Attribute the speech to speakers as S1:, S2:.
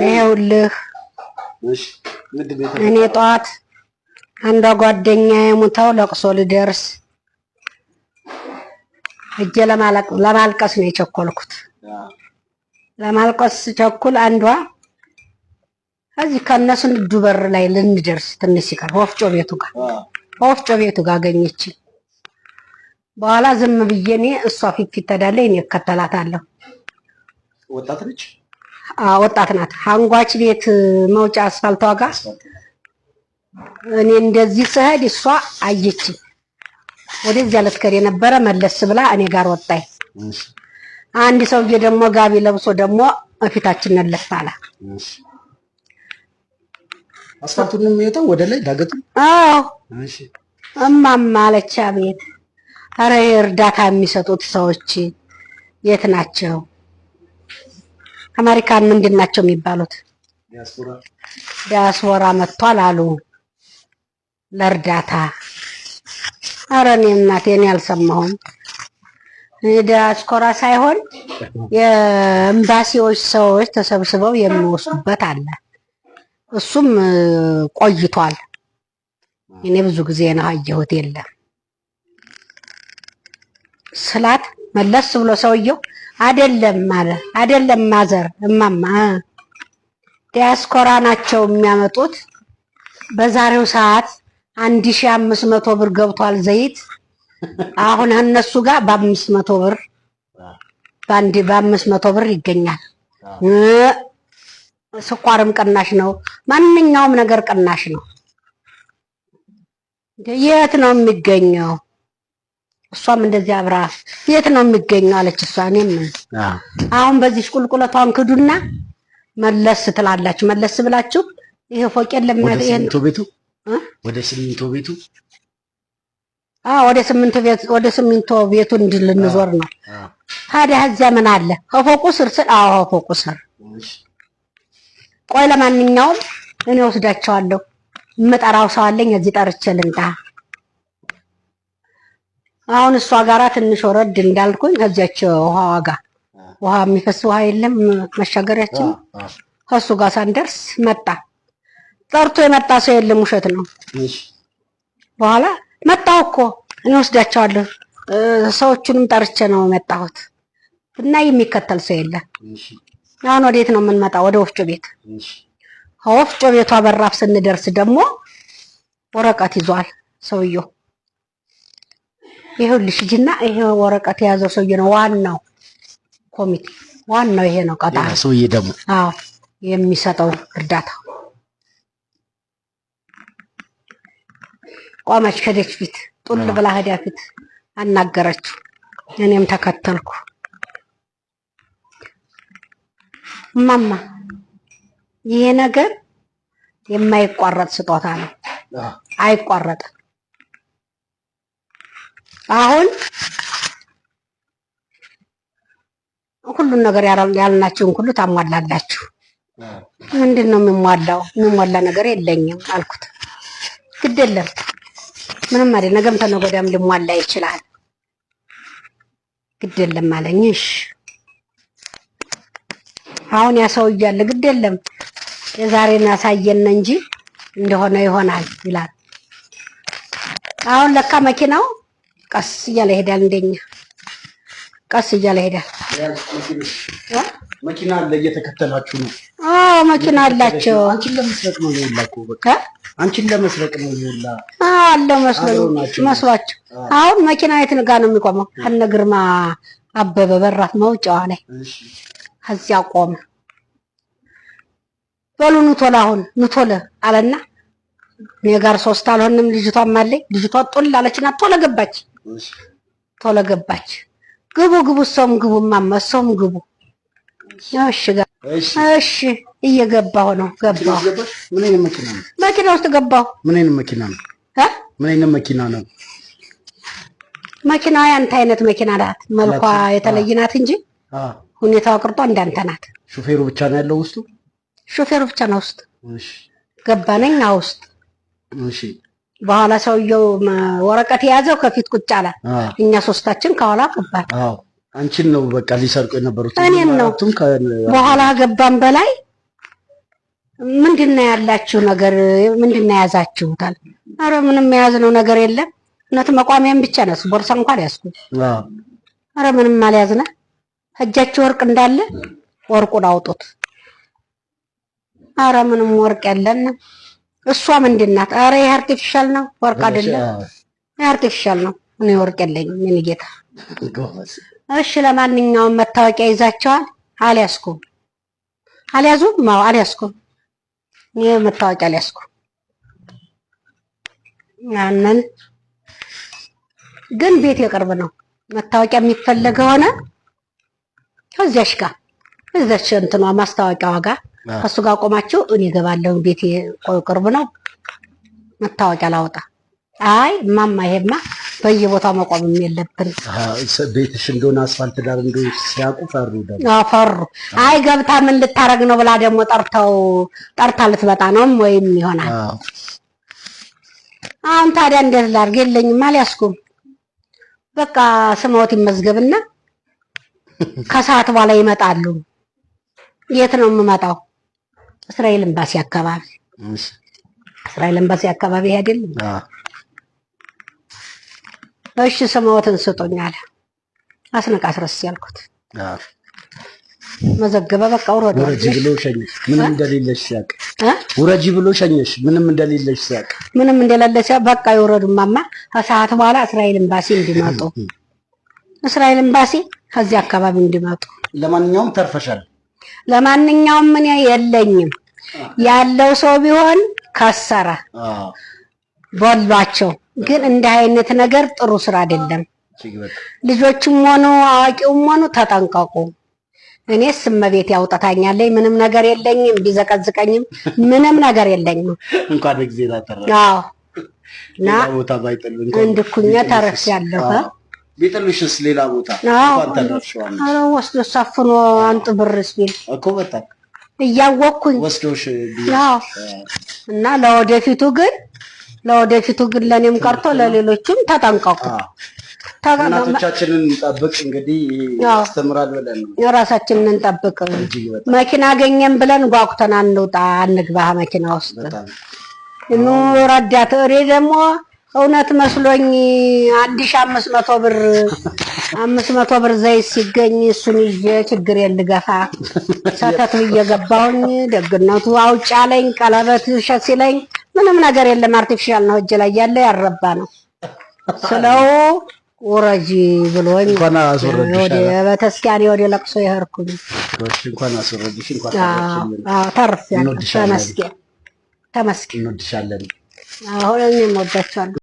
S1: ይኸውልህ እኔ ጠዋት አንዷ ጓደኛ የሙተው ለቅሶ ልደርስ እጄ ለማልቀስ ነው የቸኮልኩት። ለማልቀስ ስቸኩል አንዷ እዚህ ከእነሱ ንግዱ በር ላይ ልንደርስ ትንሽ ሲቀር ወፍጮ ቤቱ ጋር ወፍጮ ቤቱ ጋር አገኘች። በኋላ ዝም ብዬ እኔ እሷ ፊት ፊት ተዳለ እኔ እከተላታለሁ። ወጣት ነች። ወጣት ናት። አንጓች ቤት መውጫ አስፋልት ዋጋ እኔ እንደዚህ ስሄድ እሷ አየች። ወደዚያ ልትከር የነበረ መለስ ብላ እኔ ጋር ወጣይ አንድ ሰውዬ ደግሞ ጋቢ ለብሶ ደግሞ እፊታችን መለስ አለ።
S2: አስፋልቱን የሚወጣው ወደ ላይ ዳገቱ።
S1: አዎ እማማ አለች። አቤት። ኧረ እርዳታ የሚሰጡት ሰዎች የት ናቸው? አሜሪካን ምንድን ናቸው የሚባሉት? ዲያስፖራ መጥቷል አሉ ለእርዳታ። ኧረ እኔ እናቴ እኔ አልሰማሁም። ዲያስፖራ ሳይሆን የኤምባሲዎች ሰዎች ተሰብስበው የሚወስዱበት አለ። እሱም ቆይቷል። እኔ ብዙ ጊዜ ነው አየሁት። የለም ስላት መለስ ብሎ ሰውየው አይደለም አለ። አይደለም ማዘር፣ እማማ ዲያስፖራ ናቸው የሚያመጡት። በዛሬው ሰዓት አንድ ሺህ አምስት መቶ ብር ገብቷል ዘይት። አሁን እነሱ ጋር በአምስት መቶ ብር በአንድ በአምስት መቶ ብር ይገኛል። ስኳርም ቅናሽ ነው። ማንኛውም ነገር ቅናሽ ነው። የት ነው የሚገኘው? እሷም እንደዚህ አብራፍ የት ነው የሚገኘው አለች። እሷ እኔም አሁን በዚህ ቁልቁለቷን ክዱና መለስ ትላላችሁ። መለስ ብላችሁ ይሄ ፎቅ የለም ወደ
S2: ስሚንቶ ቤቱ ወደ ስሚንቶ ቤት
S1: ወደ ስሚንቶ ቤቱ እንዲል ልንዞር ነው ታዲያ። እዚያ ምን አለ? ከፎቁ ስር ስር አዎ፣ ከፎቁ ስር ቆይ። ለማንኛውም እኔ ወስዳቸዋለሁ። የምጠራው ሰው አለኝ። እዚህ ጠርቼ ልምጣ አሁን እሷ ጋራ ትንሽ ወረድ እንዳልኩኝ ከዚያች ውሃ ዋጋ ውሃ የሚፈስ ውሃ የለም መሻገሪያችን ከሱ ጋር ሳንደርስ መጣ። ጠርቶ የመጣ ሰው የለም፣ ውሸት ነው። በኋላ መጣው እኮ እኔ ወስዳቸዋለሁ፣ ሰዎቹንም ጠርቼ ነው መጣሁት እና የሚከተል ሰው የለ። አሁን ወዴት ነው የምንመጣ? ወደ ወፍጮ ቤት። ከወፍጮ ቤቷ በራፍ ስንደርስ ደግሞ ወረቀት ይዟል ሰውየው ይኸውልሽ ልጅና ይሄ ወረቀት የያዘው ሰውዬ ነው ዋናው ኮሚቴ ዋናው ይሄ ነው ቀጣሪ ሰውዬ ደግሞ አዎ የሚሰጠው እርዳታ ቆመች ከደች ፊት ጡል ብላ ሄዳ ፊት አናገረችው እኔም ተከተልኩ እማማ ይሄ ነገር የማይቋረጥ ስጦታ ነው አይቋረጥም አሁን ሁሉን ነገር ያልናችሁን ሁሉ ታሟላላችሁ። ምንድን ነው የሚሟላው? የሚሟላ ነገር የለኝም አልኩት። ግድ የለም ምንም አይደል፣ ነገም ተነገ ወዲያም ሊሟላ ይችላል። ግድ የለም አለኝ። እሺ አሁን ያ ሰው እያለ ግድ የለም የዛሬን ያሳየን እንጂ እንደሆነ ይሆናል ይላል። አሁን ለካ መኪናው ቀስ እያለ ሄዳል። እንደኛ ቀስ እያለ ሄዳል።
S2: መኪና አለ፣ እየተከተላችሁ ነው።
S1: አዎ መኪና አላቸው።
S2: አንቺን ለመስረቅ ነው ይላኩ። በቃ አንቺን ለመስረቅ ነው ይላ
S1: አለ መስሏቸው። አሁን መኪና የት ጋር ነው የሚቆመው? ከነ ግርማ አበበ በራት መውጫዋ ላይ ከዚያ ቆመ። በሉ ኑቶላ አሁን አለና እኔ ጋር ሶስት አልሆንም። ልጅቷም አለኝ። ልጅቷ ጦል አለችና ቶለ ገባች። ቶሎ ገባች። ግቡ ግቡ፣ እሷም ግቡ፣ እማማ እሷም ግቡ። እሺ እሺ፣ እየገባሁ ነው። ገባሁ።
S2: ምን አይነት መኪና ነው?
S1: መኪና ውስጥ ገባሁ።
S2: ምን አይነት መኪና ነው? ምን አይነት መኪና ነው?
S1: መኪና ያንተ አይነት መኪና ናት። መልኳ የተለየ ናት እንጂ ሁኔታዋ ቅርጧ እንዳንተ ናት።
S2: ሹፌሩ ብቻ ነው ያለው ውስጡ።
S1: ሹፌሩ ብቻ ነው ውስጥ። ገባነኝ ውስጥ። እሺ በኋላ ሰውየው ወረቀት የያዘው ከፊት ቁጭ አለ። እኛ ሶስታችን ከኋላ ገባን።
S2: አንቺን ነው በቃ ሊሰርቁ የነበሩት
S1: እኔን ነው። በኋላ ገባን በላይ ምንድና ያላችሁ ነገር? ምንድና ያዛችሁታል? አረ ምንም የያዝነው ነገር የለም። እውነት መቋሚያም ብቻ ነው ቦርሳ እንኳን ያስኩ። አረ ምንም አልያዝነ። እጃችሁ ወርቅ እንዳለ ወርቁን አውጡት። አረ ምንም ወርቅ የለንም። እሷ ምንድን ናት? ኧረ ይሄ አርቲፊሻል ነው፣ ወርቅ አይደለም፣ አርቲፊሻል ነው። እኔ ወርቅ የለኝም። ምን ጌታ። እሺ፣ ለማንኛውም መታወቂያ ይዛቸዋል። አልያዝኩም፣ አልያዙም፣ አዎ አልያዝኩም፣ መታወቂያ አልያዝኩም። ያንን ግን ቤት የቅርብ ነው። መታወቂያ የሚፈለገ ሆነ ከዚያሽ ጋር እዛች እንትኗ ማስታወቂያ ዋጋ ከሱ ጋር ቆማችሁ እኔ እገባለሁ፣ ቤት ቅርብ ነው፣ መታወቂያ ላውጣ። አይ እማማ፣ ይሄማ በየቦታው መቆምም የለብን።
S2: ቤትሽ እንደሆነ አስፋልት ዳር እንደ ሲያውቁ ፈሩ
S1: ፈሩ። አይ ገብታ ምን ልታረግ ነው ብላ ደግሞ ጠርተው ጠርታ ልትመጣ ነውም ወይም ይሆናል። አሁን ታዲያ እንዴት ላድርግ? የለኝም፣ አልያዝኩም። በቃ ስማዎት ይመዝገብና ከሰዓት በኋላ ይመጣሉ። የት ነው የምመጣው? እስራኤል ኤምባሲ አካባቢ እስራኤል ኤምባሲ አካባቢ አይደለም። እሺ ስምዎትን ስጡኝ አለ። አስነቅ አስረስ ያልኩት መዘገበ። በቃ ውረድ
S2: ብሎ ሸኘሽ። ምንም እንደሌለሽ ሲያቅ ውረጂ ብሎ ሸኘሽ። ምንም እንደሌለሽ ሲያቅ
S1: ምንም እንደሌለሽ ሲያቅ በቃ ይውረዱማማ። ከሰዓት በኋላ እስራኤል ኤምባሲ እንዲመጡ እስራኤል ኤምባሲ ከዚህ አካባቢ እንዲመጡ።
S2: ለማንኛውም ተርፈሻል።
S1: ለማንኛውም ምን የለኝም ያለው ሰው ቢሆን ከሰረ በሏቸው። ግን እንዲህ አይነት ነገር ጥሩ ስራ አይደለም። ልጆችም ሆኑ አዋቂውም ሆኑ ተጠንቀቁ። እኔስ እመቤት ያውጣታኛለች። ምንም ነገር የለኝም፣ ቢዘቀዝቀኝም ምንም ነገር የለኝም።
S2: እንኳን በጊዜ አዎ እና
S1: እንድኩኛ ተረፍ ያለፈ
S2: ቢጥሉሽስ ሌላ ቦታ
S1: እንኳን ተረፍሽዋል። ኧረ ወስዶ ሳፍኖ አንጡ ብርስ ቢል እኮ በጣም እያወቅኩኝ ወስዶሽ እና ለወደፊቱ ግን ለወደፊቱ ግን ለእኔም ቀርቶ ለሌሎችም ተጠንቀቁ።
S2: እናቶቻችንን እንጠብቅ። እንግዲህ ያስተምራል ብለን
S1: ራሳችንን እንጠብቅ። መኪና አገኘን ብለን ጓጉተን አንውጣ፣ መኪና ውስጥ ረዳት እሬ ደግሞ እውነት መስሎኝ አንድ ሺህ አምስት መቶ ብር አምስት መቶ ብር ዘይት ሲገኝ እሱን ይዤ ችግር የልገፋ ሰተት ብዬ ገባሁኝ። ደግነቱ አውጭ አለኝ። ቀለበት እሸት ሲለኝ ምንም ነገር የለም አርቲፊሻል ነው እጅ ላይ ያለ ያረባ ነው ስለው ውረጂ ብሎኝ ወደ ወደ ለቅሶ የሄድኩኝ ተርፌያለሁ። ተመስገን ተመስገን።
S2: እንወድሻለን።
S1: አሁን እኔም ወዳቸዋለሁ።